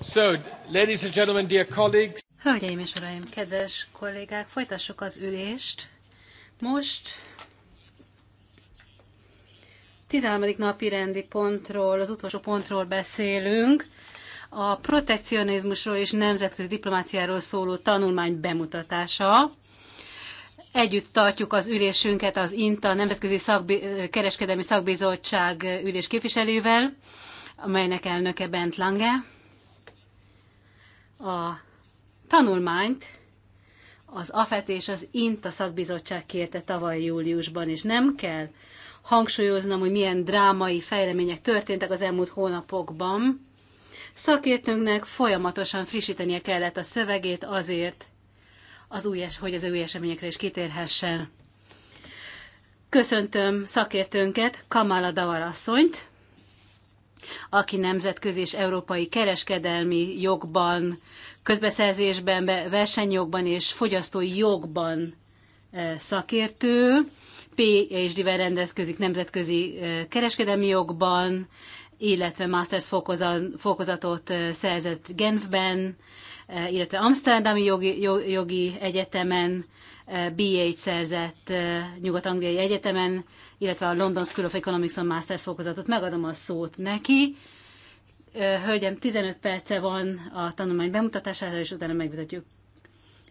So, ladies and gentlemen, dear colleagues. Hölgyeim és uraim, kedves kollégák, folytassuk az ülést. Most 13. napi rendi pontról, az utolsó pontról beszélünk, a protekcionizmusról és nemzetközi diplomáciáról szóló tanulmány bemutatása. Együtt tartjuk az ülésünket az INTA Nemzetközi Szakbi- Kereskedelmi Szakbizottság ülés képviselővel, amelynek elnöke Bent Lange a tanulmányt az AFET és az INTA szakbizottság kérte tavaly júliusban, és nem kell hangsúlyoznom, hogy milyen drámai fejlemények történtek az elmúlt hónapokban. Szakértőnknek folyamatosan frissítenie kellett a szövegét azért, az új, es, hogy az új eseményekre is kitérhessen. Köszöntöm szakértőnket, Kamala Davarasszonyt aki nemzetközi és európai kereskedelmi jogban, közbeszerzésben, versenyjogban és fogyasztói jogban e, szakértő, P és Diver rendelkezik nemzetközi e, kereskedelmi jogban, illetve master's fokozatot e, szerzett Genfben, illetve Amsterdami jogi, jogi egyetemen, BA-t szerzett eh, Nyugat-Angliai Egyetemen, illetve a London School of Economics-on master fokozatot. Megadom a szót neki. Eh, hölgyem, 15 perce van a tanulmány bemutatására, és utána megvitatjuk.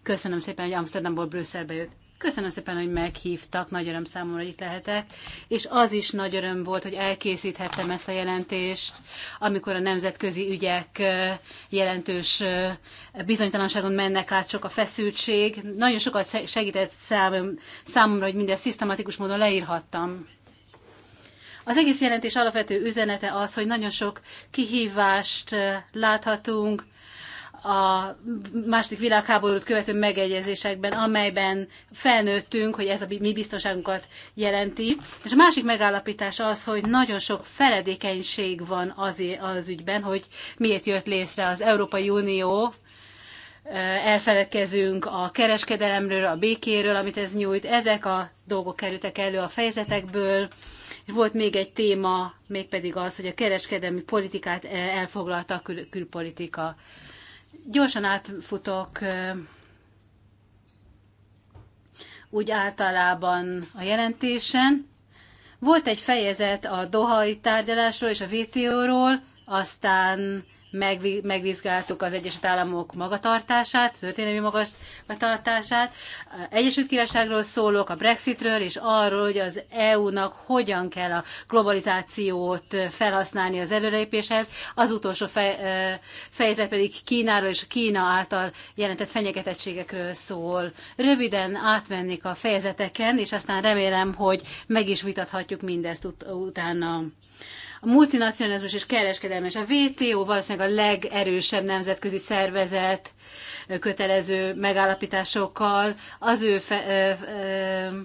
Köszönöm szépen, hogy Amsterdamból Brüsszelbe jött. Köszönöm szépen, hogy meghívtak, nagy öröm számomra, hogy itt lehetek, és az is nagy öröm volt, hogy elkészíthettem ezt a jelentést, amikor a nemzetközi ügyek jelentős bizonytalanságon mennek át, sok a feszültség. Nagyon sokat segített számomra, hogy mindezt szisztematikus módon leírhattam. Az egész jelentés alapvető üzenete az, hogy nagyon sok kihívást láthatunk, a második világháborút követő megegyezésekben, amelyben felnőttünk, hogy ez a mi biztonságunkat jelenti. És a másik megállapítás az, hogy nagyon sok feledékenység van az, az ügyben, hogy miért jött létre az Európai Unió, elfeledkezünk a kereskedelemről, a békéről, amit ez nyújt. Ezek a dolgok kerültek elő a fejezetekből. Volt még egy téma, mégpedig az, hogy a kereskedelmi politikát eh, elfoglalta a kül- külpolitika. Gyorsan átfutok úgy általában a jelentésen. Volt egy fejezet a Dohai tárgyalásról és a VTO-ról, aztán megvizsgáltuk az Egyesült Államok magatartását, történelmi magatartását. Egyesült Királyságról szólok, a Brexitről, és arról, hogy az EU-nak hogyan kell a globalizációt felhasználni az előrelépéshez. Az utolsó fejezet pedig Kínáról és Kína által jelentett fenyegetettségekről szól. Röviden átvennék a fejezeteken, és aztán remélem, hogy meg is vitathatjuk mindezt ut- utána. A multinacionalizmus és kereskedelmes. A WTO valószínűleg a legerősebb nemzetközi szervezet kötelező megállapításokkal. Az ő, fe, ö, ö,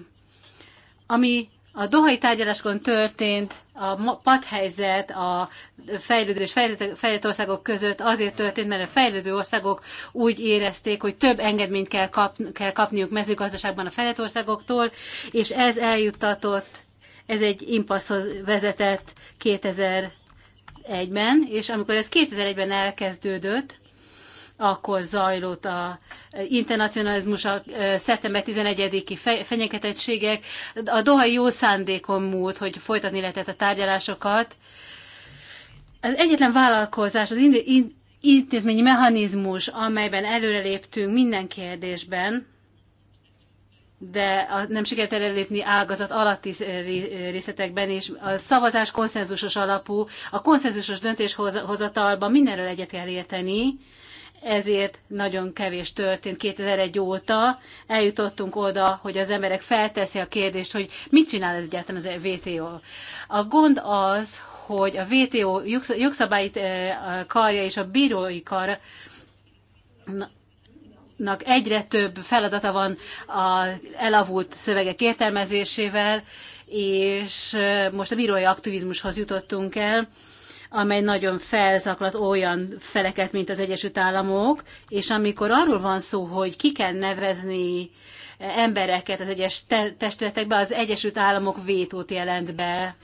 ami a dohai tárgyaláskon történt a padhelyzet a fejlődő és fejlett, fejlett országok között azért történt, mert a fejlődő országok úgy érezték, hogy több engedményt kell, kap, kell kapniuk mezőgazdaságban a fejlett országoktól, és ez eljuttatott ez egy impaszhoz vezetett 2001-ben, és amikor ez 2001-ben elkezdődött, akkor zajlott a internacionalizmus, a szeptember 11-i fenyegetettségek. A dohai jó szándékon múlt, hogy folytatni lehetett a tárgyalásokat. Az egyetlen vállalkozás, az intézményi mechanizmus, amelyben előreléptünk minden kérdésben, de a, nem sikerült előlépni ágazat alatti részletekben, és a szavazás konszenzusos alapú, a konszenzusos döntéshozatalban mindenről egyet kell érteni, ezért nagyon kevés történt 2001 óta. Eljutottunk oda, hogy az emberek felteszi a kérdést, hogy mit csinál ez egyáltalán az VTO. A gond az, hogy a VTO jogszabályi eh, karja és a bírói kar nak egyre több feladata van a elavult szövegek értelmezésével, és most a bírói aktivizmushoz jutottunk el, amely nagyon felzaklat olyan feleket, mint az Egyesült Államok, és amikor arról van szó, hogy ki kell nevezni embereket az egyes te- testületekbe, az Egyesült Államok vétót jelent be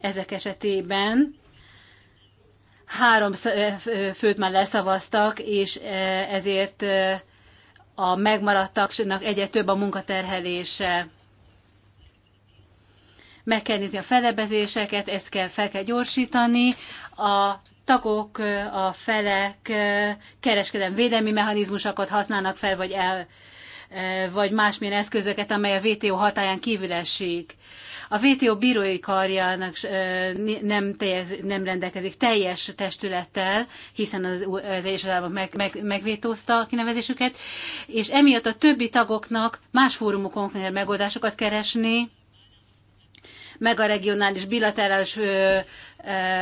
ezek esetében, három főt már leszavaztak, és ezért a megmaradtaknak egyre több a munkaterhelése. Meg kell nézni a felebezéseket, ezt kell, fel kell gyorsítani. A tagok, a felek kereskedelmi védelmi mechanizmusokat használnak fel, vagy el, vagy másmilyen eszközöket, amely a WTO hatáján kívül esik. A VTO bírói karjának nem, teljez, nem rendelkezik teljes testülettel, hiszen az, az Egyesült Államok meg, meg, megvétózta a kinevezésüket, és emiatt a többi tagoknak más fórumokon kell megoldásokat keresni, meg a regionális bilaterális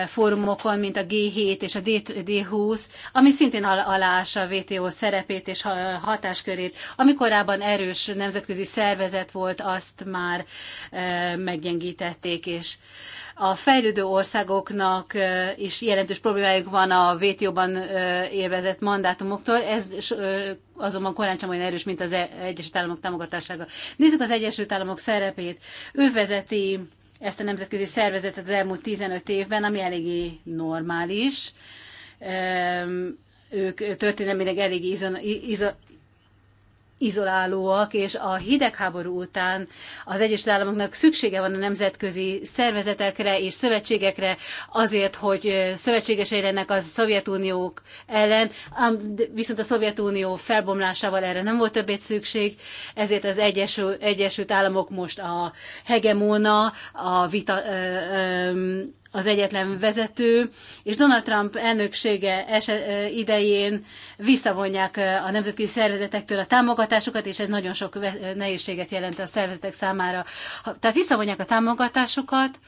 fórumokon, mint a G7 és a D20, ami szintén aláássa a WTO szerepét és hatáskörét. Ami korábban erős nemzetközi szervezet volt, azt már meggyengítették, és a fejlődő országoknak is jelentős problémájuk van a WTO-ban élvezett mandátumoktól, ez azonban korán sem olyan erős, mint az e- Egyesült Államok támogatásága. Nézzük az Egyesült Államok szerepét. Ő vezeti ezt a nemzetközi szervezetet az elmúlt 15 évben, ami eléggé normális. Ők történelmileg eléggé izo, izo, izolálóak, és a hidegháború után az Egyesült Államoknak szüksége van a nemzetközi szervezetekre és szövetségekre azért, hogy szövetségesei lennek a Szovjetuniók ellen, viszont a Szovjetunió felbomlásával erre nem volt többé szükség, ezért az Egyesült, Egyesült Államok most a hegemóna, a, vita, az egyetlen vezető, és Donald Trump elnöksége idején visszavonják a nemzetközi szervezetektől a támogatásukat, és ez nagyon sok nehézséget jelent a szervezetek számára. Tehát visszavonják a támogatásukat,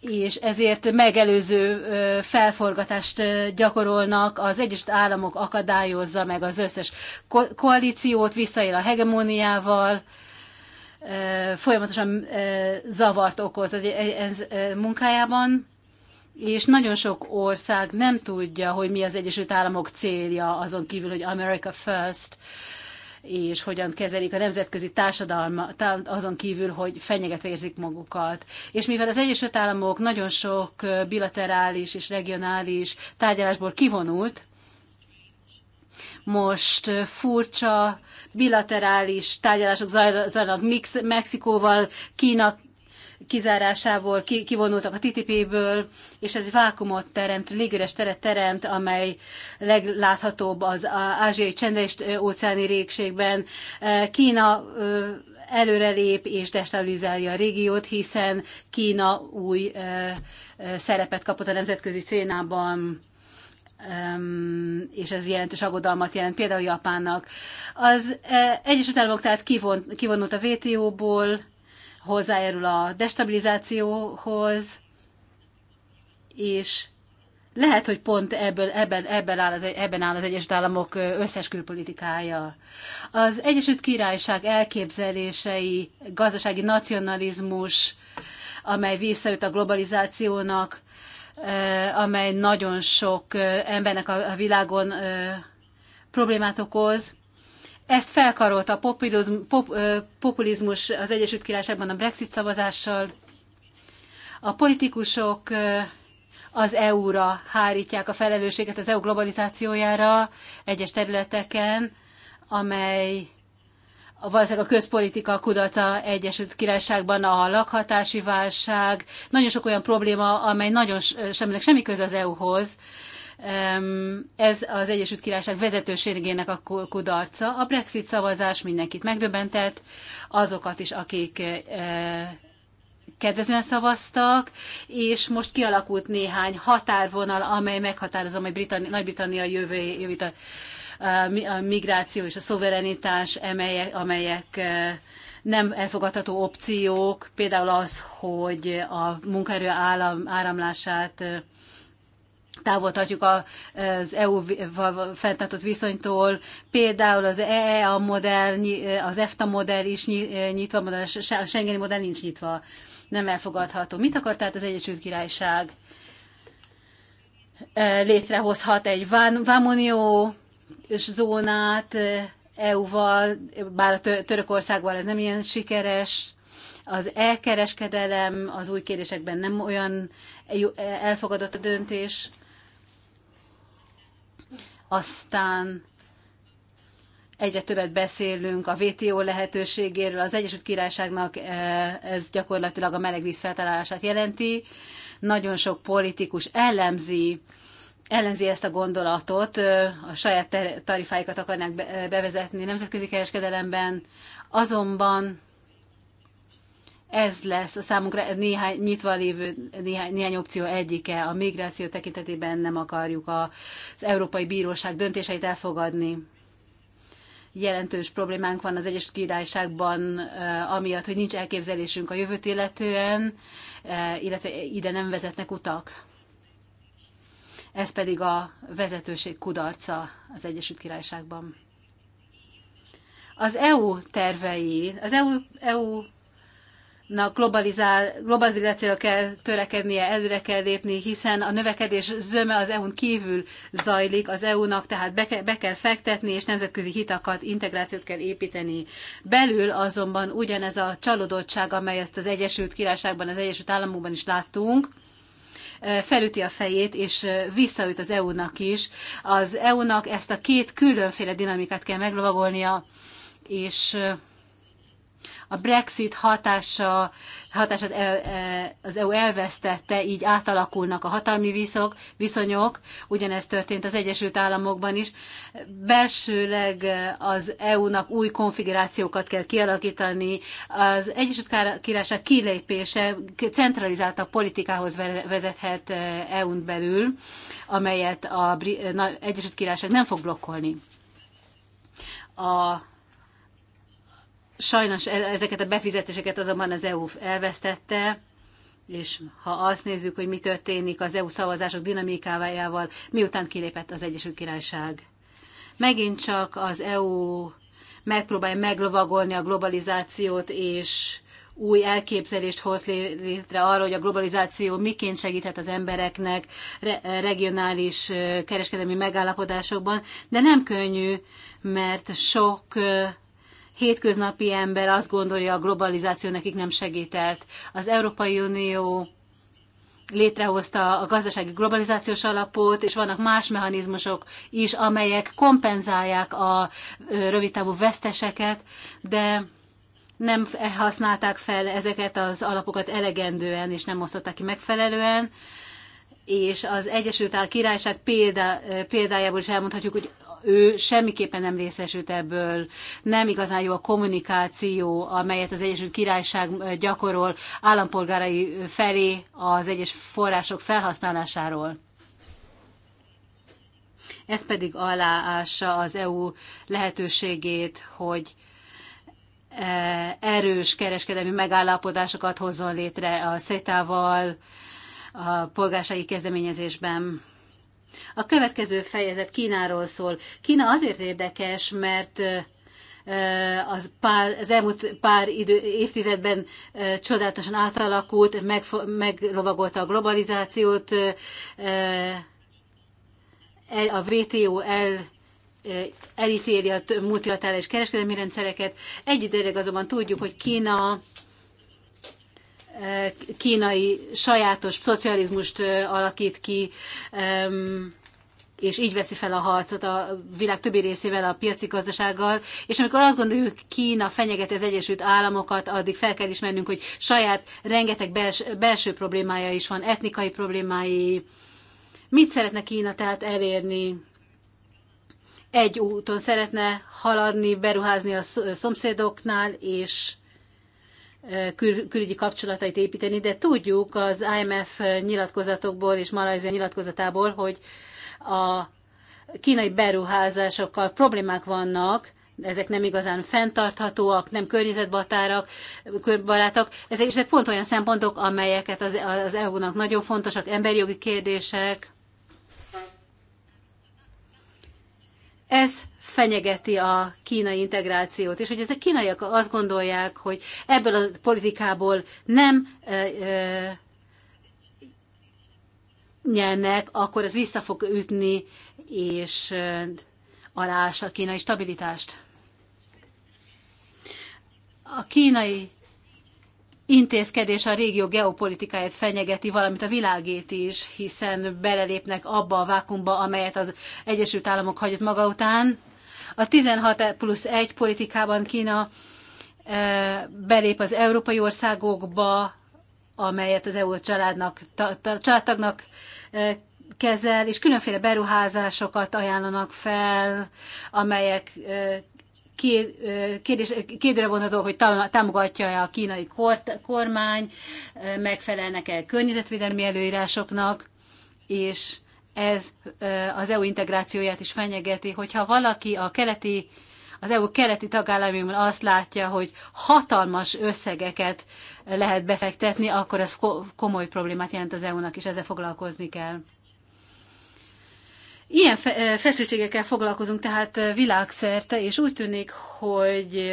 és ezért megelőző felforgatást gyakorolnak, az Egyesült Államok akadályozza meg az összes koalíciót, visszaél a hegemóniával, folyamatosan zavart okoz az e, ez munkájában, és nagyon sok ország nem tudja, hogy mi az Egyesült Államok célja, azon kívül, hogy America First, és hogyan kezelik a nemzetközi társadalma, azon kívül, hogy fenyegetve érzik magukat. És mivel az Egyesült Államok nagyon sok bilaterális és regionális tárgyalásból kivonult, most furcsa bilaterális tárgyalások zajlanak Mix Mexikóval, Kína kizárásából ki, kivonultak a TTP-ből, és ez vákumot teremt, légüres teret teremt, amely legláthatóbb az ázsiai csendes óceáni régségben. Kína előrelép és destabilizálja a régiót, hiszen Kína új szerepet kapott a nemzetközi szénában és ez jelentős aggodalmat jelent például Japánnak. Az eh, Egyesült Államok tehát kivon, kivonult a WTO-ból, hozzájárul a destabilizációhoz, és lehet, hogy pont ebből, ebben, ebben, áll az, ebben áll az Egyesült Államok eh, összes külpolitikája. Az Egyesült Királyság elképzelései, gazdasági nacionalizmus, amely visszajött a globalizációnak, Eh, amely nagyon sok eh, embernek a világon eh, problémát okoz. Ezt felkarolta a populizmus az Egyesült Királyságban a Brexit szavazással. A politikusok az EU-ra hárítják a felelősséget, az EU globalizációjára egyes területeken, amely valószínűleg a közpolitika kudarca Egyesült Királyságban a lakhatási válság, nagyon sok olyan probléma, amely nagyon semminek semmi köze az EU-hoz. Ez az Egyesült Királyság vezetőségének a kudarca. A Brexit szavazás mindenkit megdöbbentett, azokat is, akik e, kedvezően szavaztak, és most kialakult néhány határvonal, amely meghatározom, hogy Britannia, Nagy-Britannia jövőjét a migráció és a szoverenitás, amelyek, amelyek nem elfogadható opciók, például az, hogy a munkaerő állam, áramlását távol tartjuk az eu feltartott viszonytól. Például az EEA modell, az EFTA modell is nyitva, a Schengeni modell nincs nyitva. Nem elfogadható. Mit akar tehát az Egyesült Királyság? Létrehozhat egy vámonió? zónát EU-val, bár a Törökországban ez nem ilyen sikeres, az elkereskedelem az új kérdésekben nem olyan elfogadott a döntés. Aztán egyre többet beszélünk a WTO lehetőségéről. Az Egyesült Királyságnak ez gyakorlatilag a melegvíz feltárását jelenti. Nagyon sok politikus elemzi ellenzi ezt a gondolatot, a saját tarifáikat akarnák bevezetni nemzetközi kereskedelemben, azonban ez lesz a számunkra néhány nyitva lévő néhány, néhány opció egyike. A migráció tekintetében nem akarjuk az Európai Bíróság döntéseit elfogadni. Jelentős problémánk van az Egyesült Királyságban, amiatt, hogy nincs elképzelésünk a jövőt illetően, illetve ide nem vezetnek utak ez pedig a vezetőség kudarca az Egyesült Királyságban. Az EU tervei, az EU, EU Na, globalizál, globalizációra kell törekednie, előre kell lépni, hiszen a növekedés zöme az EU-n kívül zajlik, az EU-nak tehát be, ke, be kell fektetni, és nemzetközi hitakat, integrációt kell építeni. Belül azonban ugyanez a csalódottság, amely ezt az Egyesült Királyságban, az Egyesült Államokban is láttunk, felüti a fejét, és visszaüt az EU-nak is. Az EU-nak ezt a két különféle dinamikát kell meglovagolnia, és a Brexit hatása, hatását e, az EU elvesztette, így átalakulnak a hatalmi viszok, viszonyok, ugyanez történt az Egyesült Államokban is. Belsőleg az EU-nak új konfigurációkat kell kialakítani. Az Egyesült Királyság kilépése centralizált a politikához vezethet EU-n e belül, amelyet az Egyesült Királyság nem fog blokkolni. A Sajnos e- ezeket a befizetéseket azonban az EU elvesztette, és ha azt nézzük, hogy mi történik az EU szavazások dinamikájával, miután kilépett az Egyesült Királyság. Megint csak az EU megpróbálja meglovagolni a globalizációt, és új elképzelést hoz létre arra, hogy a globalizáció miként segíthet az embereknek regionális kereskedelmi megállapodásokban, de nem könnyű, mert sok hétköznapi ember azt gondolja, a globalizáció nekik nem segített. Az Európai Unió létrehozta a gazdasági globalizációs alapot, és vannak más mechanizmusok is, amelyek kompenzálják a rövidtávú veszteseket, de nem használták fel ezeket az alapokat elegendően, és nem osztották ki megfelelően és az Egyesült Áll Királyság példa, példájából is elmondhatjuk, hogy ő semmiképpen nem részesült ebből, nem igazán jó a kommunikáció, amelyet az Egyesült Királyság gyakorol állampolgárai felé az egyes források felhasználásáról. Ez pedig aláássa az EU lehetőségét, hogy erős kereskedelmi megállapodásokat hozzon létre a CETA-val, a polgársági kezdeményezésben. A következő fejezet Kínáról szól. Kína azért érdekes, mert az, pár, az elmúlt pár idő, évtizedben csodálatosan átalakult, meg, meglovagolta a globalizációt, a WTO el elítéli a multilaterális kereskedelmi rendszereket. Egyidejűleg azonban tudjuk, hogy Kína kínai sajátos szocializmust alakít ki, és így veszi fel a harcot a világ többi részével, a piaci gazdasággal, és amikor azt gondoljuk, Kína fenyeget az Egyesült Államokat, addig fel kell ismernünk, hogy saját rengeteg bels- belső problémája is van, etnikai problémái. Mit szeretne Kína tehát elérni? Egy úton szeretne haladni, beruházni a szomszédoknál, és kül- külügyi kapcsolatait építeni, de tudjuk az IMF nyilatkozatokból és Malajzia nyilatkozatából, hogy a kínai beruházásokkal problémák vannak, ezek nem igazán fenntarthatóak, nem környezetbatárak, barátak. Ezek, ezek pont olyan szempontok, amelyeket az, az EU-nak nagyon fontosak, emberi jogi kérdések, Ez fenyegeti a kínai integrációt, és hogy ezek kínaiak azt gondolják, hogy ebből a politikából nem e, e, nyernek, akkor ez vissza fog ütni, és e, alás a kínai stabilitást. A kínai intézkedés a régió geopolitikáját fenyegeti, valamint a világét is, hiszen belelépnek abba a vákumba, amelyet az Egyesült Államok hagyott maga után. A 16 plusz 1 politikában Kína e, belép az európai országokba, amelyet az EU családnak, családtagnak e, kezel, és különféle beruházásokat ajánlanak fel, amelyek e, kérdés, kérdőre hogy támogatja-e a kínai kormány, megfelelnek-e környezetvédelmi előírásoknak, és ez az EU integrációját is fenyegeti, hogyha valaki a keleti az EU keleti tagállamaiban azt látja, hogy hatalmas összegeket lehet befektetni, akkor ez komoly problémát jelent az EU-nak, és ezzel foglalkozni kell. Ilyen feszültségekkel foglalkozunk tehát világszerte, és úgy tűnik, hogy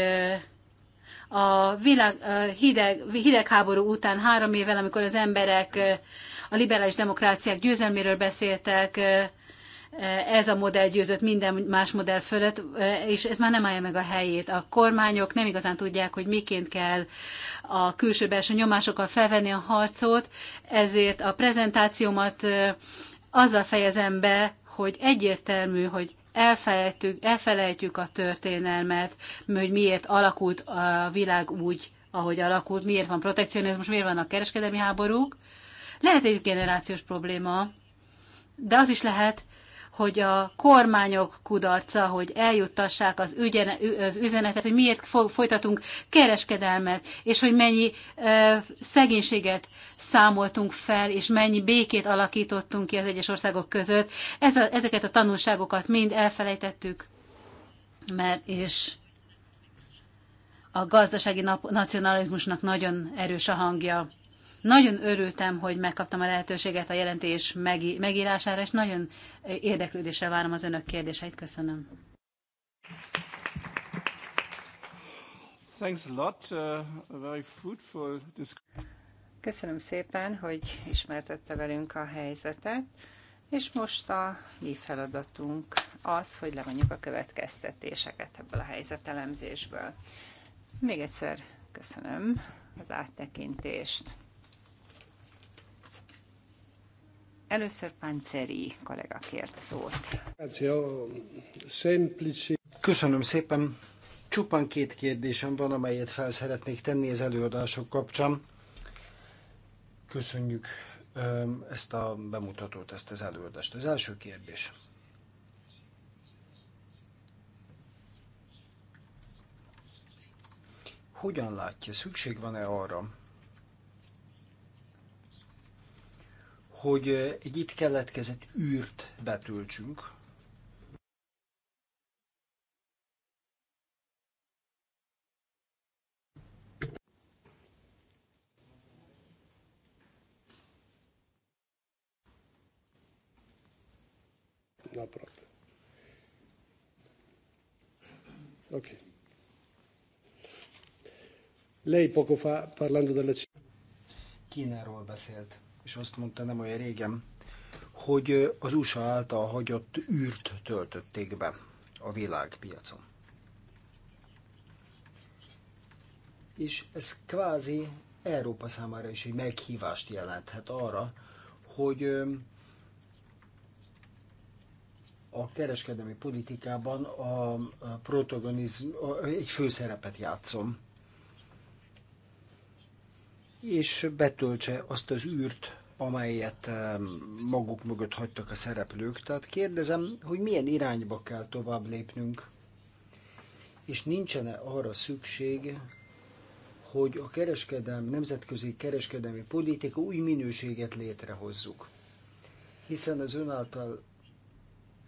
a világ, hideg, hidegháború után három évvel, amikor az emberek a liberális demokráciák győzelméről beszéltek, ez a modell győzött minden más modell fölött, és ez már nem állja meg a helyét. A kormányok nem igazán tudják, hogy miként kell a külső-belső nyomásokkal felvenni a harcot, ezért a prezentációmat azzal fejezem be, hogy egyértelmű, hogy elfelejtjük, elfelejtjük a történelmet, hogy miért alakult a világ úgy, ahogy alakult, miért van protekcionizmus, miért vannak kereskedelmi háborúk. Lehet egy generációs probléma, de az is lehet, hogy a kormányok kudarca, hogy eljuttassák az, ügyen, az üzenetet, hogy miért folytatunk kereskedelmet, és hogy mennyi ö, szegénységet számoltunk fel, és mennyi békét alakítottunk ki az egyes országok között. Ez a, ezeket a tanulságokat mind elfelejtettük, mert és a gazdasági nacionalizmusnak nagyon erős a hangja. Nagyon örültem, hogy megkaptam a lehetőséget a jelentés megírására, és nagyon eh, érdeklődésre várom az önök kérdéseit. Köszönöm. Thanks a lot. Uh, very fruitful Köszönöm szépen, hogy ismertette velünk a helyzetet, és most a mi feladatunk az, hogy levonjuk a következtetéseket ebből a helyzetelemzésből. Még egyszer köszönöm az áttekintést. Először Panceri kollega kért szót. Köszönöm szépen. Csupán két kérdésem van, amelyet fel szeretnék tenni az előadások kapcsán. Köszönjük ezt a bemutatót, ezt az előadást. Az első kérdés. Hogyan látja, szükség van-e arra, hogy egy itt keletkezett űrt betöltsünk, no problem. Ok. Lei poco fa, parlando della Cina... Kínáról beszélt és azt mondta nem olyan régen, hogy az USA által hagyott űrt töltötték be a világpiacon. És ez kvázi Európa számára is egy meghívást jelenthet arra, hogy a kereskedelmi politikában a protagonizm egy főszerepet játszom, és betöltse azt az űrt, amelyet eh, maguk mögött hagytak a szereplők. Tehát kérdezem, hogy milyen irányba kell tovább lépnünk, és nincsen-e arra szükség, hogy a kereskedelmi, nemzetközi kereskedelmi politika új minőséget létrehozzuk. Hiszen az ön által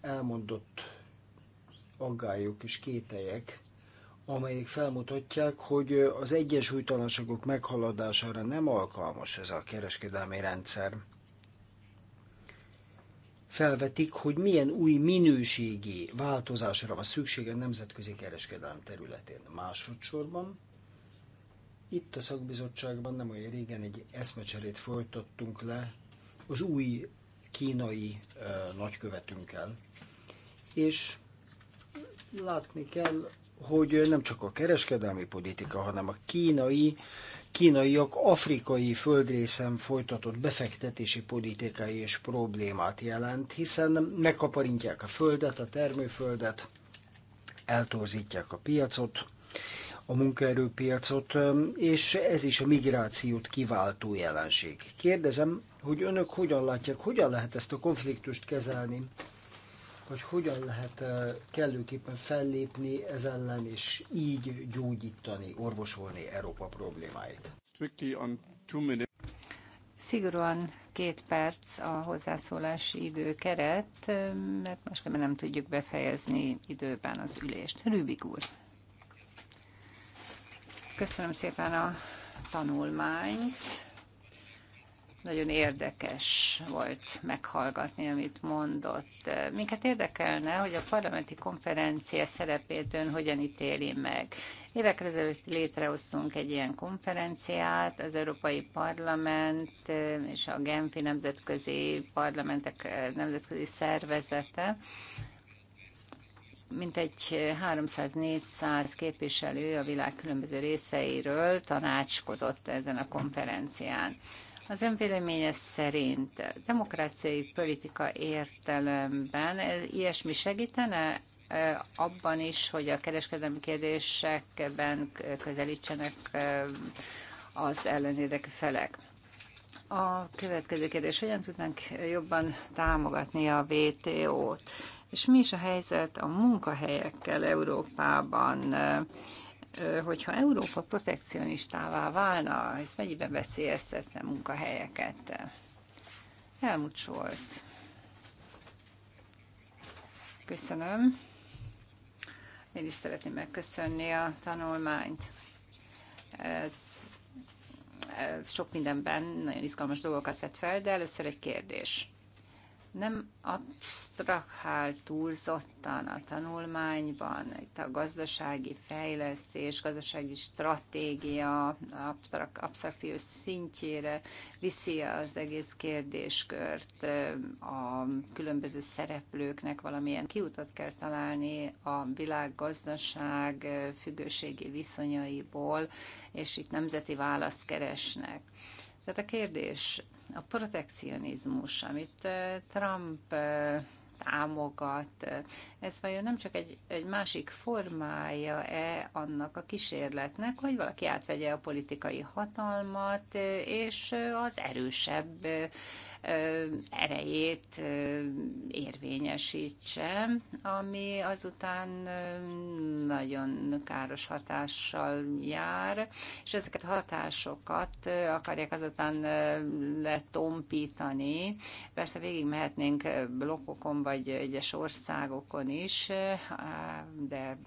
elmondott aggályok és kételyek amelyek felmutatják, hogy az egyensúlytalanságok meghaladására nem alkalmas ez a kereskedelmi rendszer. Felvetik, hogy milyen új minőségi változásra van szükség a nemzetközi kereskedelem területén. Másodszorban itt a szakbizottságban nem olyan régen egy eszmecserét folytattunk le az új kínai nagykövetünkkel, és látni kell, hogy nem csak a kereskedelmi politika, hanem a kínai, kínaiak afrikai földrészen folytatott befektetési politikai és problémát jelent, hiszen megkaparintják a földet, a termőföldet, eltorzítják a piacot, a munkaerőpiacot, és ez is a migrációt kiváltó jelenség. Kérdezem, hogy önök hogyan látják, hogyan lehet ezt a konfliktust kezelni, hogy hogyan lehet kellőképpen fellépni ez ellen, és így gyógyítani, orvosolni Európa problémáit. Szigorúan két perc a hozzászólási idő keret, mert most nem tudjuk befejezni időben az ülést. Rübig úr. Köszönöm szépen a tanulmányt nagyon érdekes volt meghallgatni, amit mondott. Minket érdekelne, hogy a parlamenti konferencia szerepét ön hogyan ítéli meg. Évekre ezelőtt létrehoztunk egy ilyen konferenciát, az Európai Parlament eh, és a Genfi Nemzetközi Parlamentek eh, Nemzetközi Szervezete, mintegy 300-400 eh, képviselő a világ különböző részeiről tanácskozott ezen a konferencián. Az ön véleménye szerint demokráciai politika értelemben ilyesmi segítene e, abban is, hogy a kereskedelmi kérdésekben közelítsenek e, az ellenérdekű felek. A következő kérdés, hogyan tudnánk jobban támogatni a WTO-t? És mi is a helyzet a munkahelyekkel Európában? hogyha Európa protekcionistává válna, ez mennyiben veszélyeztetne munkahelyeket? Helmut Scholz. Köszönöm. Én is szeretném megköszönni a tanulmányt. Ez sok mindenben nagyon izgalmas dolgokat vett fel, de először egy kérdés nem absztrahál túlzottan a tanulmányban, itt a gazdasági fejlesztés, gazdasági stratégia abstrak, szintjére viszi az egész kérdéskört, a különböző szereplőknek valamilyen kiutat kell találni a világgazdaság függőségi viszonyaiból, és itt nemzeti választ keresnek. Tehát a kérdés a protekcionizmus, amit Trump támogat. Ez vajon nem csak egy, egy másik formája-e annak a kísérletnek, hogy valaki átvegye a politikai hatalmat, és az erősebb erejét érvényesítse, ami azután nagyon káros hatással jár, és ezeket a hatásokat akarják azután letompítani. Persze végig mehetnénk blokkokon vagy egyes országokon is, de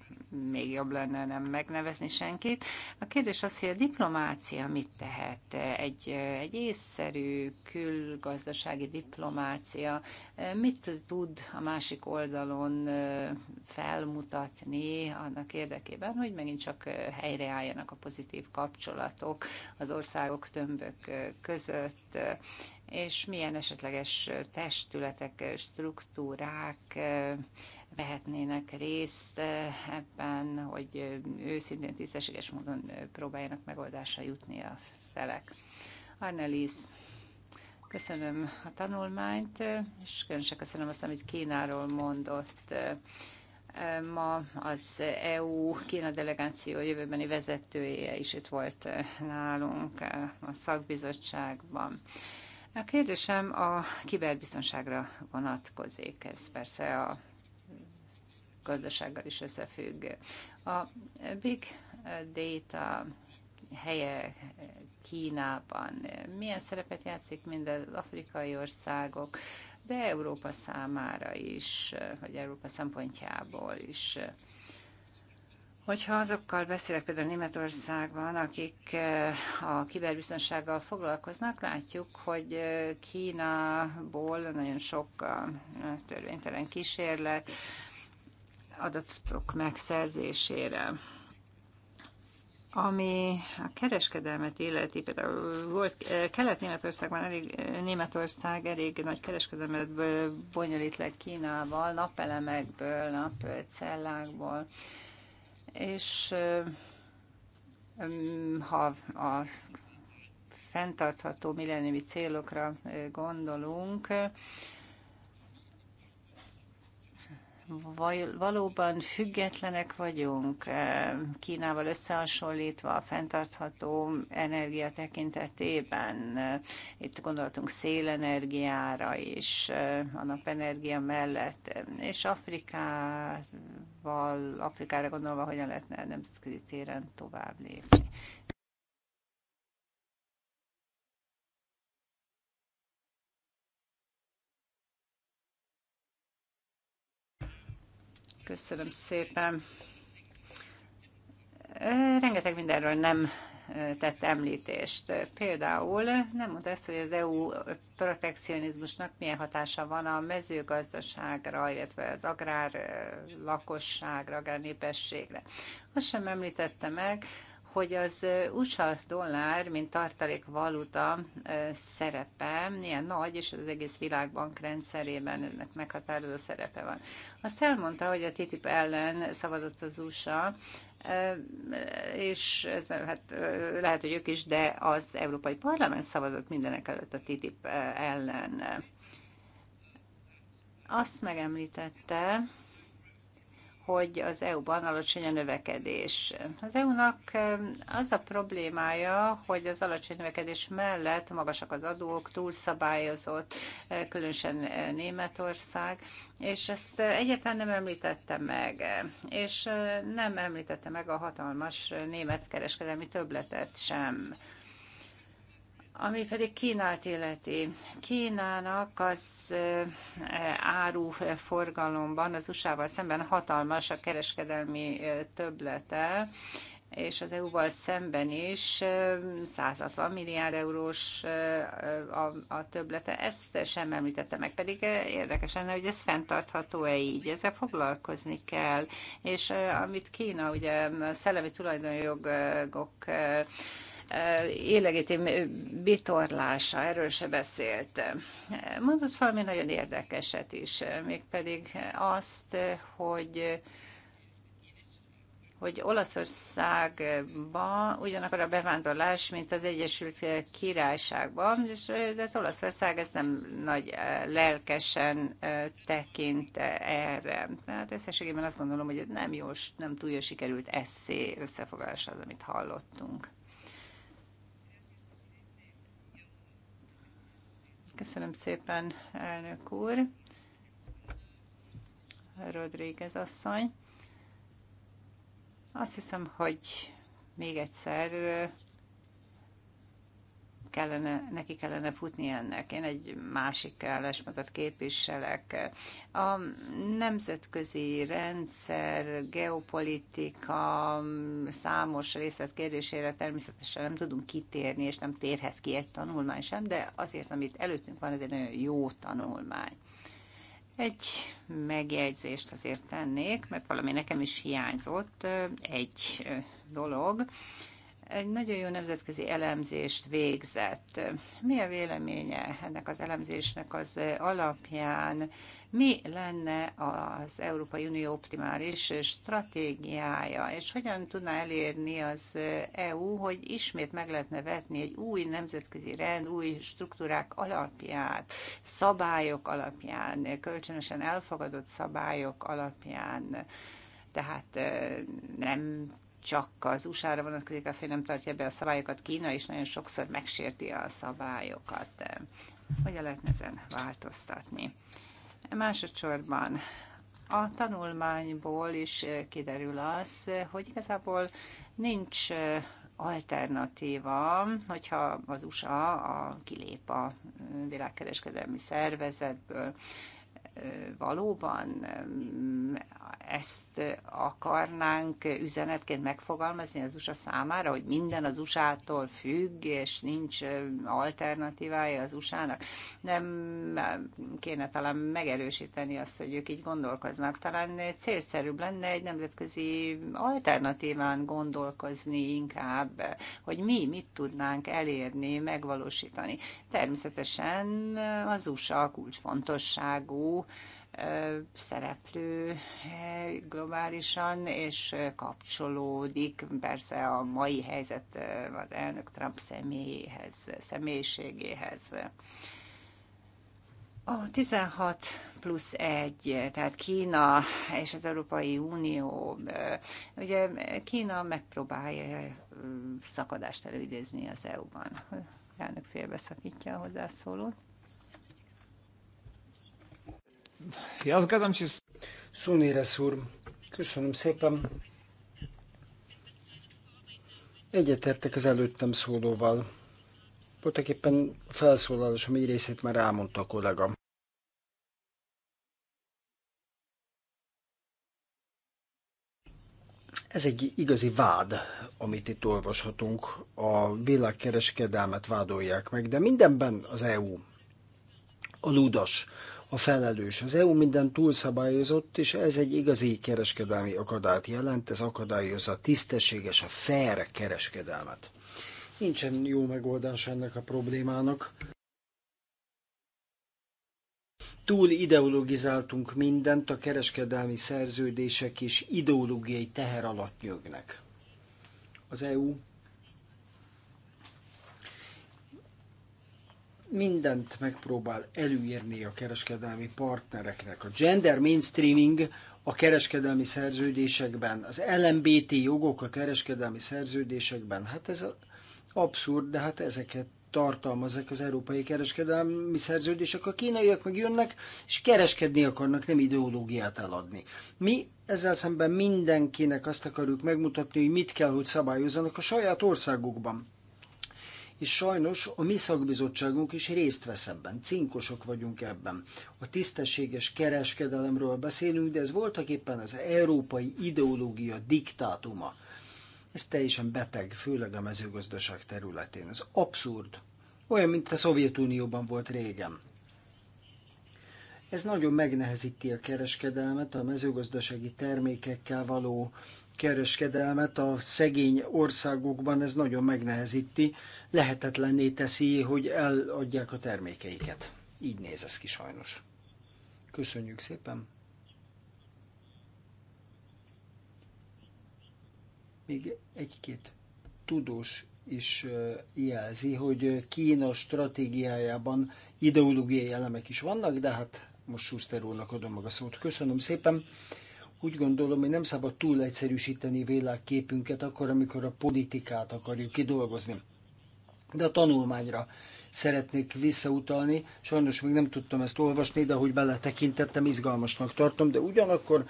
még jobb lenne nem megnevezni senkit. A kérdés az, hogy a diplomácia mit tehet? Egy, egy észszerű külgazdaság gazdasági diplomácia mit tud a másik oldalon felmutatni annak érdekében, hogy megint csak helyreálljanak a pozitív kapcsolatok az országok tömbök között, és milyen esetleges testületek, struktúrák vehetnének részt ebben, hogy őszintén tisztességes módon próbáljanak megoldásra jutni a felek. Arnelis. Köszönöm a tanulmányt, és különösen köszönöm azt, amit Kínáról mondott. Ma az EU Kína delegáció jövőbeni vezetője is itt volt nálunk a szakbizottságban. A kérdésem a kiberbiztonságra vonatkozik. Ez persze a gazdasággal is összefügg. A big data helye Kínában, milyen szerepet játszik mind az afrikai országok, de Európa számára is, vagy Európa szempontjából is. Hogyha azokkal beszélek például Németországban, akik eh, a kiberbiztonsággal foglalkoznak, látjuk, hogy eh, Kínából nagyon sok törvénytelen kísérlet adatok megszerzésére. Ami a kereskedelmet illeti, például volt eh, Kelet-Németországban elég, eh, Németország elég nagy kereskedelmet bonyolít le Kínával, napelemekből, napcellákból, és eh, ha a fenntartható milleniumi célokra gondolunk, valóban függetlenek vagyunk eh, Kínával összehasonlítva a fenntartható energia tekintetében. Eh, itt gondoltunk szélenergiára és eh, a napenergia mellett, és Afrikával, Afrikára gondolva hogyan lehetne nemzetközi téren tovább lépni. Köszönöm szépen. Rengeteg mindenről nem tett említést. Például nem mondta ezt, hogy az EU protekcionizmusnak milyen hatása van a mezőgazdaságra, illetve az agrár lakosságra, népességre. Azt sem említette meg, hogy az USA dollár, mint tartalékvaluta szerepe milyen nagy, és az egész világbank rendszerében ennek meghatározó szerepe van. Azt elmondta, hogy a TTIP ellen szavazott az USA, és ez, hát, lehet, hogy ők is, de az Európai Parlament szavazott mindenek előtt a TTIP ellen. Azt megemlítette, hogy az EU-ban alacsony a növekedés. Az EU-nak az a problémája, hogy az alacsony növekedés mellett magasak az adók, túlszabályozott, e, különösen e, Németország, és ezt e, egyáltalán nem említette meg, és nem említette meg a hatalmas német kereskedelmi töbletet sem. Ami pedig Kínát illeti. Kínának az áruforgalomban az USA-val szemben hatalmas a kereskedelmi töblete, és az EU-val szemben is 160 milliárd eurós a, a töblete. Ezt sem említette meg, pedig érdekes lenne, hogy ez fenntartható-e így. Ezzel foglalkozni kell. És amit Kína, ugye a szellemi tulajdonjogok Eh, illegitim bitorlása, erről se beszélt. Eh, mondott valami nagyon érdekeset is, eh, mégpedig azt, hogy hogy Olaszországban ugyanakkor a bevándorlás, mint az Egyesült Királyságban, és, de hát Olaszország ezt nem nagy lelkesen tekint erre. Tehát összességében azt gondolom, hogy ez nem, jó, nem túl jó sikerült eszé összefogás az, amit hallottunk. Köszönöm szépen, elnök úr. Rodríguez asszony. Azt hiszem, hogy még egyszer kellene, neki kellene futni ennek. Én egy másik álláspontot képviselek. A nemzetközi rendszer, geopolitika számos kérdésére természetesen nem tudunk kitérni, és nem térhet ki egy tanulmány sem, de azért, amit előttünk van, ez egy nagyon jó tanulmány. Egy megjegyzést azért tennék, mert valami nekem is hiányzott, egy dolog egy nagyon jó nemzetközi elemzést végzett. Mi a véleménye ennek az elemzésnek az alapján? Mi lenne az Európai Unió optimális stratégiája, és hogyan tudna elérni az EU, hogy ismét meg lehetne vetni egy új nemzetközi rend, új struktúrák alapját, szabályok alapján, kölcsönösen elfogadott szabályok alapján? tehát eh, nem csak az USA-ra vonatkozik az, hogy nem tartja be a szabályokat. Kína is nagyon sokszor megsérti a szabályokat. Hogyan lehetne ezen változtatni? Másodszorban a tanulmányból is kiderül az, hogy igazából nincs alternatíva, hogyha az USA a kilép a világkereskedelmi szervezetből valóban ezt akarnánk üzenetként megfogalmazni az USA számára, hogy minden az USA-tól függ, és nincs alternatívája az USA-nak. Nem kéne talán megerősíteni azt, hogy ők így gondolkoznak. Talán célszerűbb lenne egy nemzetközi alternatíván gondolkozni inkább, hogy mi mit tudnánk elérni, megvalósítani. Természetesen az USA kulcsfontosságú szereplő globálisan, és kapcsolódik persze a mai helyzet az elnök Trump személyéhez, személyiségéhez. A 16 plusz 1, tehát Kína és az Európai Unió, ugye Kína megpróbálja szakadást előidézni az EU-ban. Elnök félbeszakítja a hozzászólót. Ja zgadzam się z... úr, köszönöm szépen. Egyetértek az előttem szólóval. Voltak éppen felszólalásom egy részét már elmondta a kollega. Ez egy igazi vád, amit itt olvashatunk. A világkereskedelmet vádolják meg, de mindenben az EU a ludas, a felelős. Az EU minden túlszabályozott, és ez egy igazi kereskedelmi akadályt jelent, ez akadályozza a tisztességes, a fair kereskedelmet. Nincsen jó megoldás ennek a problémának. Túl ideologizáltunk mindent, a kereskedelmi szerződések és ideológiai teher alatt nyögnek. Az EU mindent megpróbál előírni a kereskedelmi partnereknek. A gender mainstreaming a kereskedelmi szerződésekben, az LMBT jogok a kereskedelmi szerződésekben, hát ez abszurd, de hát ezeket tartalmazzák az európai kereskedelmi szerződések. A kínaiak meg jönnek, és kereskedni akarnak, nem ideológiát eladni. Mi ezzel szemben mindenkinek azt akarjuk megmutatni, hogy mit kell, hogy szabályozzanak a saját országukban és sajnos a mi szakbizottságunk is részt vesz ebben, cinkosok vagyunk ebben. A tisztességes kereskedelemről beszélünk, de ez voltak éppen az európai ideológia diktátuma. Ez teljesen beteg, főleg a mezőgazdaság területén. Ez abszurd. Olyan, mint a Szovjetunióban volt régen. Ez nagyon megnehezíti a kereskedelmet, a mezőgazdasági termékekkel való kereskedelmet a szegény országokban ez nagyon megnehezíti, lehetetlenné teszi, hogy eladják a termékeiket. Így néz ez ki sajnos. Köszönjük szépen! Még egy-két tudós is eh, jelzi, hogy Kína stratégiájában ideológiai elemek is vannak, de hát most Schuster úrnak adom meg a szót. Köszönöm szépen! Úgy gondolom, hogy nem szabad túl egyszerűsíteni világképünket akkor, amikor a politikát akarjuk kidolgozni. De a tanulmányra szeretnék visszautalni. Sajnos még nem tudtam ezt olvasni, de ahogy beletekintettem, izgalmasnak tartom. De ugyanakkor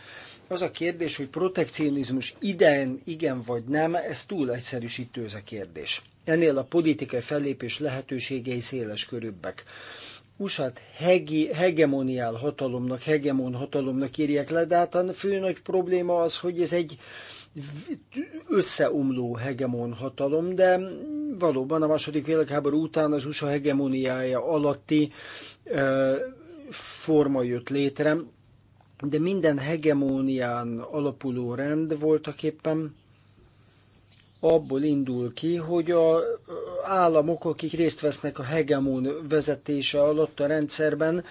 az a kérdés, hogy protekcionizmus idején igen vagy nem, ez túl egyszerűsítő ez a kérdés. Ennél a politikai fellépés lehetőségei széles körűbbek. USA-t hegi, hegemoniál hatalomnak, hegemon hatalomnak írják le, de hát a fő nagy probléma az, hogy ez egy összeomló hegemon hatalom, de valóban a második világháború után az USA hegemoniája alatti ö, forma jött létre, de minden hegemónián alapuló rend voltak éppen abból indul ki, hogy a államok, akik részt vesznek a hegemon vezetése alatt a rendszerben,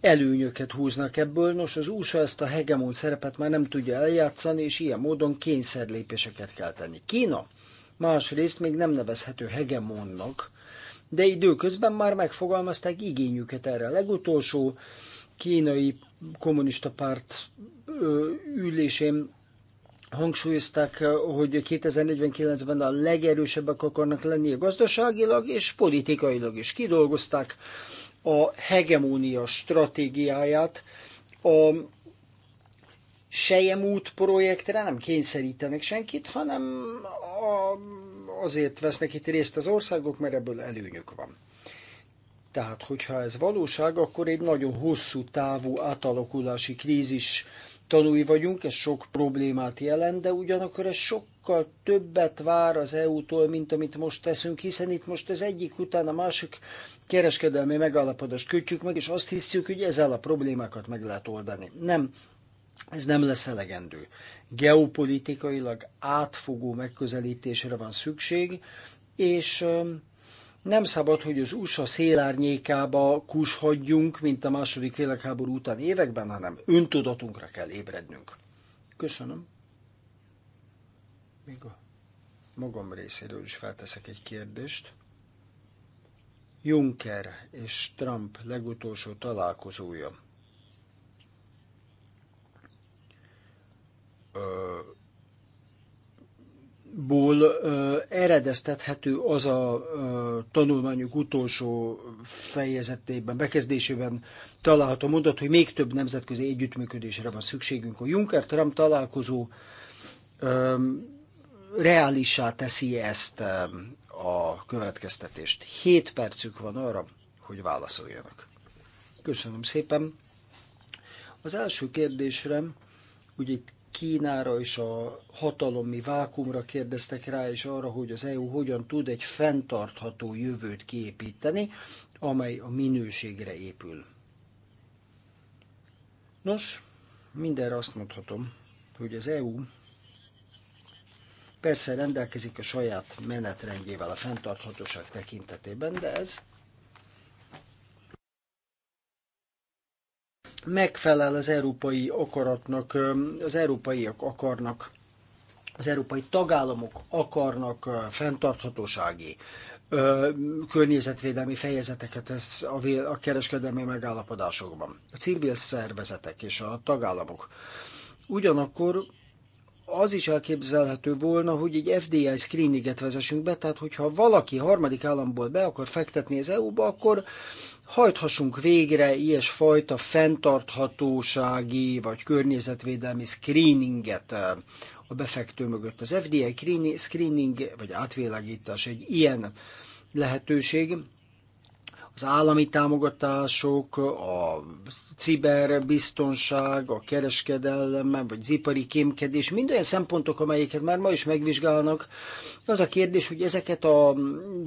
előnyöket húznak ebből. Nos, az USA ezt a hegemon szerepet már nem tudja eljátszani, és ilyen módon kényszerlépéseket kell tenni. Kína másrészt még nem nevezhető hegemonnak, de időközben már megfogalmazták igényüket erre. A legutolsó kínai kommunista párt ülésén hangsúlyozták, eh, hogy 2049-ben a legerősebbek akarnak lenni a gazdaságilag és politikailag is. Kidolgozták a hegemónia stratégiáját. A Sejemút projektre nem kényszerítenek senkit, hanem a, azért vesznek itt részt az országok, mert ebből előnyük van. Tehát, hogyha ez valóság, akkor egy nagyon hosszú távú átalakulási krízis tanúi vagyunk, ez sok problémát jelent, de ugyanakkor ez sokkal többet vár az EU-tól, mint amit most teszünk, hiszen itt most az egyik után a másik kereskedelmi megállapodást kötjük meg, és azt hiszük, hogy ezzel a problémákat meg lehet oldani. Nem, ez nem lesz elegendő. Geopolitikailag átfogó megközelítésre van szükség, és nem szabad, hogy az USA szélárnyékába kushagyjunk, mint a második világháború után években, hanem öntudatunkra kell ébrednünk. Köszönöm. Még a magam részéről is felteszek egy kérdést. Juncker és Trump legutolsó találkozója. Ö ból eredeztethető az a tanulmányok utolsó fejezetében, bekezdésében található mondat, hogy még több nemzetközi együttműködésre van szükségünk. A Juncker-Trump találkozó reálissá teszi ezt a következtetést. Hét percük van arra, hogy válaszoljanak. Köszönöm szépen. Az első kérdésre, ugye itt Kínára és a hatalommi vákumra kérdeztek rá, és arra, hogy az EU hogyan tud egy fenntartható jövőt kiépíteni, amely a minőségre épül. Nos, mindenre azt mondhatom, hogy az EU persze rendelkezik a saját menetrendjével a fenntarthatóság tekintetében, de ez megfelel az európai akaratnak, az európaiak akarnak, az európai tagállamok akarnak fenntarthatósági környezetvédelmi fejezeteket ez a, a kereskedelmi megállapodásokban. A civil szervezetek és a tagállamok. Ugyanakkor az is elképzelhető volna, hogy egy FDI screeninget vezessünk be, tehát hogyha valaki harmadik államból be akar fektetni az EU-ba, akkor hajthassunk végre ilyesfajta fenntarthatósági vagy környezetvédelmi screeninget eh, a befektő mögött. Az FDI screening vagy átvilágítás egy ilyen lehetőség, az állami támogatások, a ciberbiztonság, a kereskedelem, vagy az ipari kémkedés, mind olyan szempontok, amelyeket már ma is megvizsgálnak. Az a kérdés, hogy ezeket a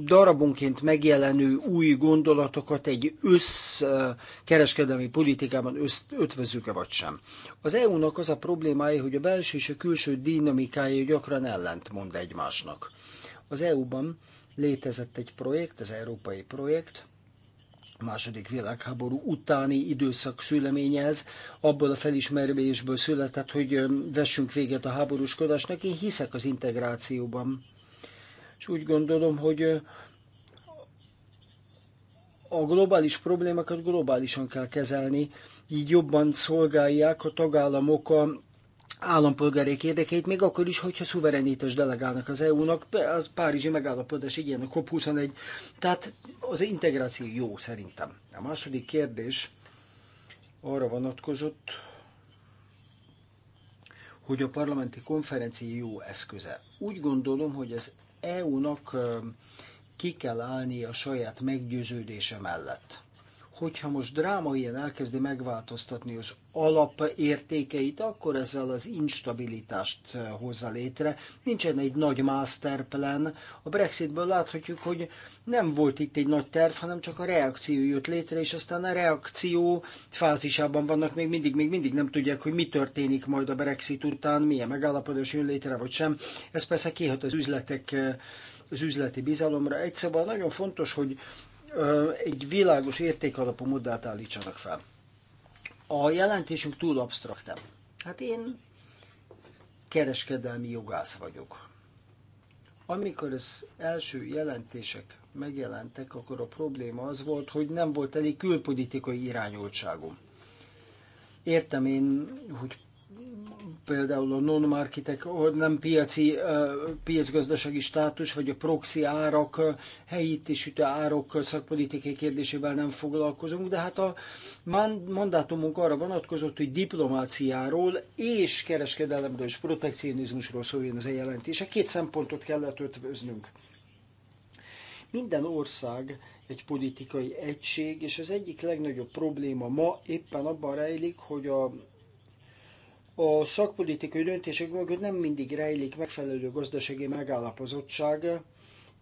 darabonként megjelenő új gondolatokat egy összkereskedelmi kereskedelmi politikában ötvözük-e vagy sem. Az EU-nak az a problémája, hogy a belső és a külső dinamikája gyakran ellentmond egymásnak. Az EU-ban létezett egy projekt, az európai projekt, második világháború utáni időszak szüleménye ez, abból a felismerésből született, hogy vessünk véget a háborúskodásnak. Én hiszek az integrációban. És úgy gondolom, hogy a globális problémákat globálisan kell kezelni, így jobban szolgálják a tagállamok a állampolgárék érdekeit, még akkor is, hogyha szuverenitás delegálnak az EU-nak, az Párizsi megállapodás, igen, a COP21, tehát az integráció jó szerintem. A második kérdés arra vonatkozott, hogy a parlamenti konferencia jó eszköze. Úgy gondolom, hogy az EU-nak ki kell állni a saját meggyőződése mellett hogyha most dráma ilyen elkezdi megváltoztatni az alapértékeit, akkor ezzel az instabilitást eh, hozza létre. Nincsen egy nagy masterplan. A Brexitből láthatjuk, hogy nem volt itt egy nagy terv, hanem csak a reakció jött létre, és aztán a reakció fázisában vannak még mindig, még mindig nem tudják, hogy mi történik majd a Brexit után, milyen megállapodás jön létre, vagy sem. Ez persze kihat az üzletek eh, az üzleti bizalomra. Egy szóval nagyon fontos, hogy egy világos értékalapú modellt állítsanak fel. A jelentésünk túl absztraktem. Hát én kereskedelmi jogász vagyok. Amikor az első jelentések megjelentek, akkor a probléma az volt, hogy nem volt elég külpolitikai irányultságom. Értem én, hogy például a non-marketek, nem piaci, piacgazdasági státus, vagy a proxy árak, helyítésütő árak szakpolitikai kérdésével nem foglalkozunk, de hát a mandátumunk arra vonatkozott, hogy diplomáciáról és kereskedelemről és protekcionizmusról szóljon ez a jelentés. A két szempontot kellett ötvöznünk. Minden ország egy politikai egység, és az egyik legnagyobb probléma ma éppen abban rejlik, hogy a a szakpolitikai döntések mögött nem mindig rejlik megfelelő gazdasági megállapozottság,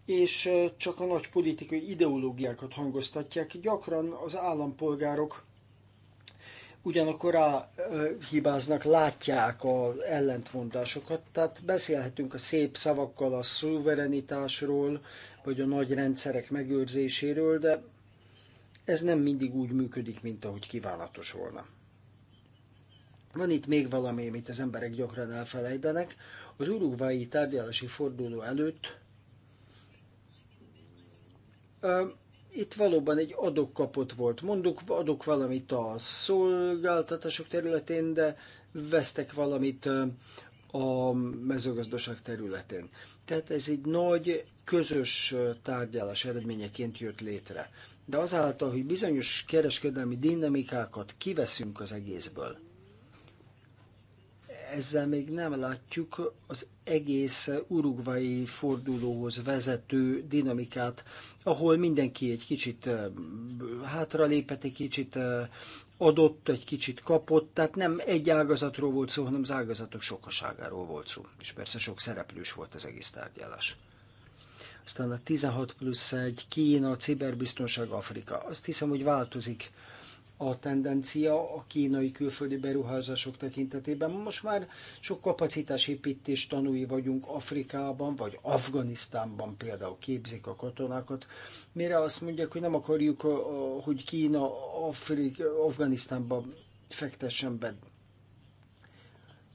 és csak a nagy politikai ideológiákat hangoztatják. Gyakran az állampolgárok ugyanakkor rá hibáznak, látják az ellentmondásokat. Tehát beszélhetünk a szép szavakkal a szuverenitásról, vagy a nagy rendszerek megőrzéséről, de ez nem mindig úgy működik, mint ahogy kívánatos volna. Van itt még valami, amit az emberek gyakran elfelejtenek. Az urugvái tárgyalási forduló előtt itt valóban egy adok kapott volt. Mondok, adok valamit a szolgáltatások területén, de vesztek valamit a mezőgazdaság területén. Tehát ez egy nagy közös tárgyalás eredményeként jött létre. De azáltal, hogy bizonyos kereskedelmi dinamikákat kiveszünk az egészből, ezzel még nem látjuk az egész urugvai fordulóhoz vezető dinamikát, ahol mindenki egy kicsit hátralépett, egy kicsit adott, egy kicsit kapott, tehát nem egy ágazatról volt szó, hanem az ágazatok sokaságáról volt szó, és persze sok szereplős volt az egész tárgyalás. Aztán a 16 plusz egy Kína, ciberbiztonság, Afrika. Azt hiszem, hogy változik a tendencia a kínai külföldi beruházások tekintetében. Most már sok kapacitásépítés tanúi vagyunk Afrikában, vagy Afganisztánban például képzik a katonákat, mire azt mondják, hogy nem akarjuk, hogy Kína Afrik, Afganisztánban fektessen be.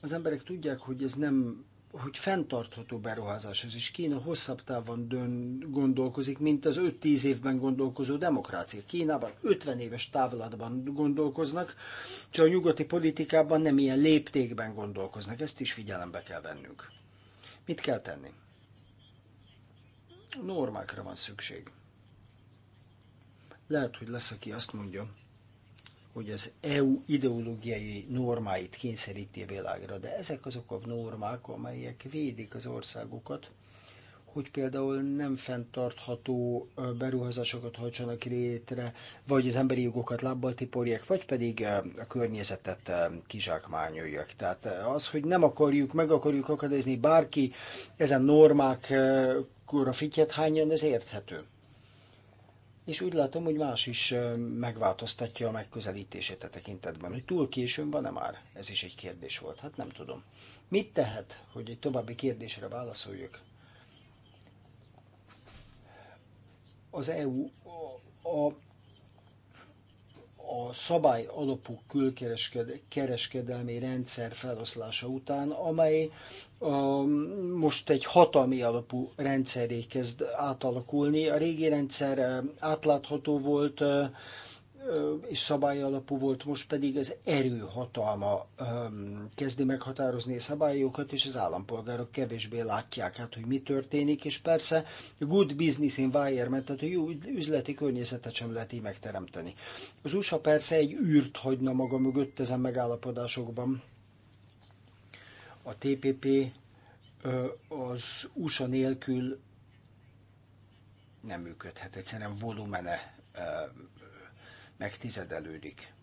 Az emberek tudják, hogy ez nem hogy fenntartható beruházás ez, is Kína hosszabb távon dön, gondolkozik, mint az 5-10 évben gondolkozó demokrácia. Kínában 50 éves távlatban gondolkoznak, csak a nyugati politikában nem ilyen léptékben gondolkoznak. Ezt is figyelembe kell vennünk. Mit kell tenni? Normákra van szükség. Lehet, hogy lesz, aki azt mondja, hogy az EU ideológiai normáit kényszeríti a világra, de ezek azok a normák, amelyek védik az országokat, hogy például nem fenntartható beruházásokat hajtsanak létre, vagy az emberi jogokat lábbal tiporják, vagy pedig a környezetet kizsákmányoljak. Tehát az, hogy nem akarjuk, meg akarjuk akadézni, bárki ezen normákra fityet hányan, ez érthető és úgy látom, hogy más is megváltoztatja a megközelítését a tekintetben. Hogy túl későn van-e már? Ez is egy kérdés volt. Hát nem tudom. Mit tehet, hogy egy további kérdésre válaszoljuk? Az EU a a szabály alapú külkereskedelmi rendszer feloszlása után, amely um, most egy hatalmi alapú rendszeré kezd átalakulni. A régi rendszer um, átlátható volt, uh, és szabály alapú volt, most pedig az erő hatalma kezdi meghatározni a szabályokat, és az állampolgárok kevésbé látják át, hogy mi történik, és persze a good business environment, tehát a jó üzleti környezetet sem lehet így megteremteni. Az USA persze egy űrt hagyna maga mögött ezen megállapodásokban. A TPP az USA nélkül nem működhet, egyszerűen volumene megtizedelődik.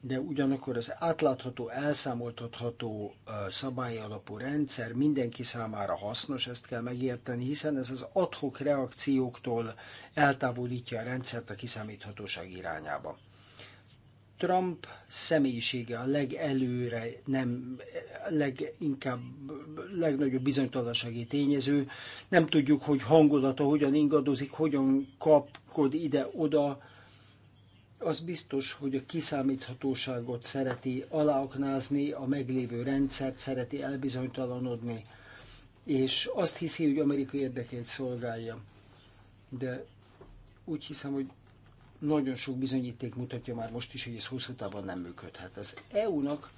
De ugyanakkor az átlátható, elszámoltatható szabályalapú rendszer mindenki számára hasznos, ezt kell megérteni, hiszen ez az adhok reakcióktól eltávolítja a rendszert a kiszámíthatóság irányába. Trump személyisége a legelőre, nem leginkább, legnagyobb bizonytalansági tényező. Nem tudjuk, hogy hangulata hogyan ingadozik, hogyan kapkod ide-oda az biztos, hogy a kiszámíthatóságot szereti aláaknázni, a meglévő rendszert szereti elbizonytalanodni, és azt hiszi, hogy Amerika érdekét szolgálja. De úgy hiszem, hogy nagyon sok bizonyíték mutatja már most is, hogy ez hosszú távon nem működhet. Az EU-nak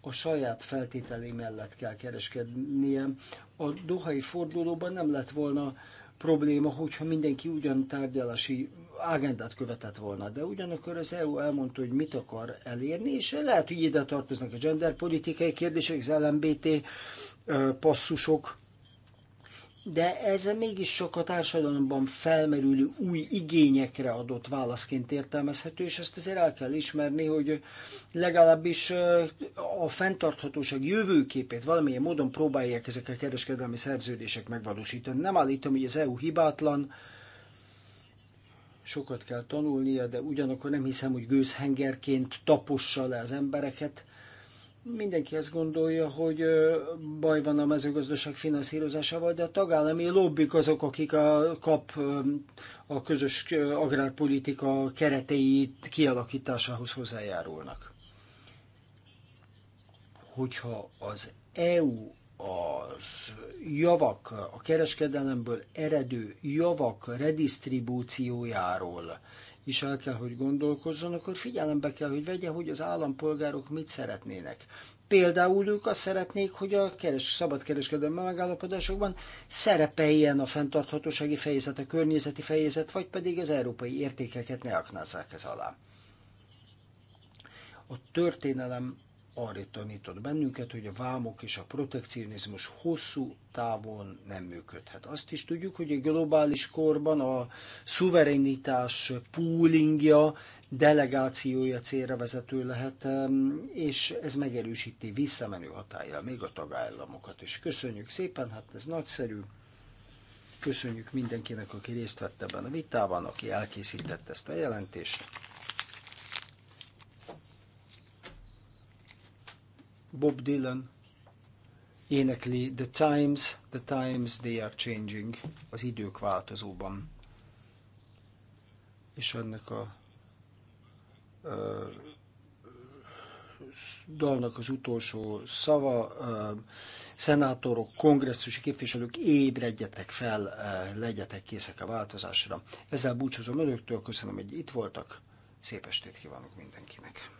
a saját feltételé mellett kell kereskednie. A dohai fordulóban nem lett volna probléma, hogyha mindenki ugyan tárgyalási agendát követett volna, de ugyanakkor az EU elmondta, hogy mit akar elérni, és lehet, hogy ide tartoznak a genderpolitikai kérdések, az LMBT passzusok, de ez mégis csak a társadalomban felmerülő új igényekre adott válaszként értelmezhető, és ezt azért el kell ismerni, hogy legalábbis a fenntarthatóság jövőképét valamilyen módon próbálják ezek a kereskedelmi szerződések megvalósítani. Nem állítom, hogy az EU hibátlan, sokat kell tanulnia, de ugyanakkor nem hiszem, hogy gőzhengerként tapossa le az embereket. Mindenki azt gondolja, hogy baj van a mezőgazdaság finanszírozásával, de a tagállami lobbik azok, akik a kap a közös agrárpolitika keretei kialakításához hozzájárulnak. Hogyha az EU az javak, a kereskedelemből eredő javak redistribúciójáról is el kell, hogy gondolkozzon, akkor figyelembe kell, hogy vegye, hogy az állampolgárok mit szeretnének. Például ők azt szeretnék, hogy a keres, szabadkereskedelmi megállapodásokban szerepeljen a fenntarthatósági fejezet, a környezeti fejezet, vagy pedig az európai értékeket ne aknázzák ez alá. A történelem arra tanított bennünket, hogy a vámok és a protekcionizmus hosszú távon nem működhet. Azt is tudjuk, hogy a globális korban a szuverenitás poolingja, delegációja célra vezető lehet, és ez megerősíti visszamenő hatája még a tagállamokat is. Köszönjük szépen, hát ez nagyszerű. Köszönjük mindenkinek, aki részt vett ebben a vitában, aki elkészítette ezt a jelentést. Bob Dylan énekli The Times, The Times They Are Changing, az idők változóban. És ennek a uh, dalnak az utolsó szava, uh, szenátorok, kongresszusi képviselők, ébredjetek fel, uh, legyetek készek a változásra. Ezzel búcsúzom önöktől, köszönöm, hogy itt voltak, szép estét kívánok mindenkinek!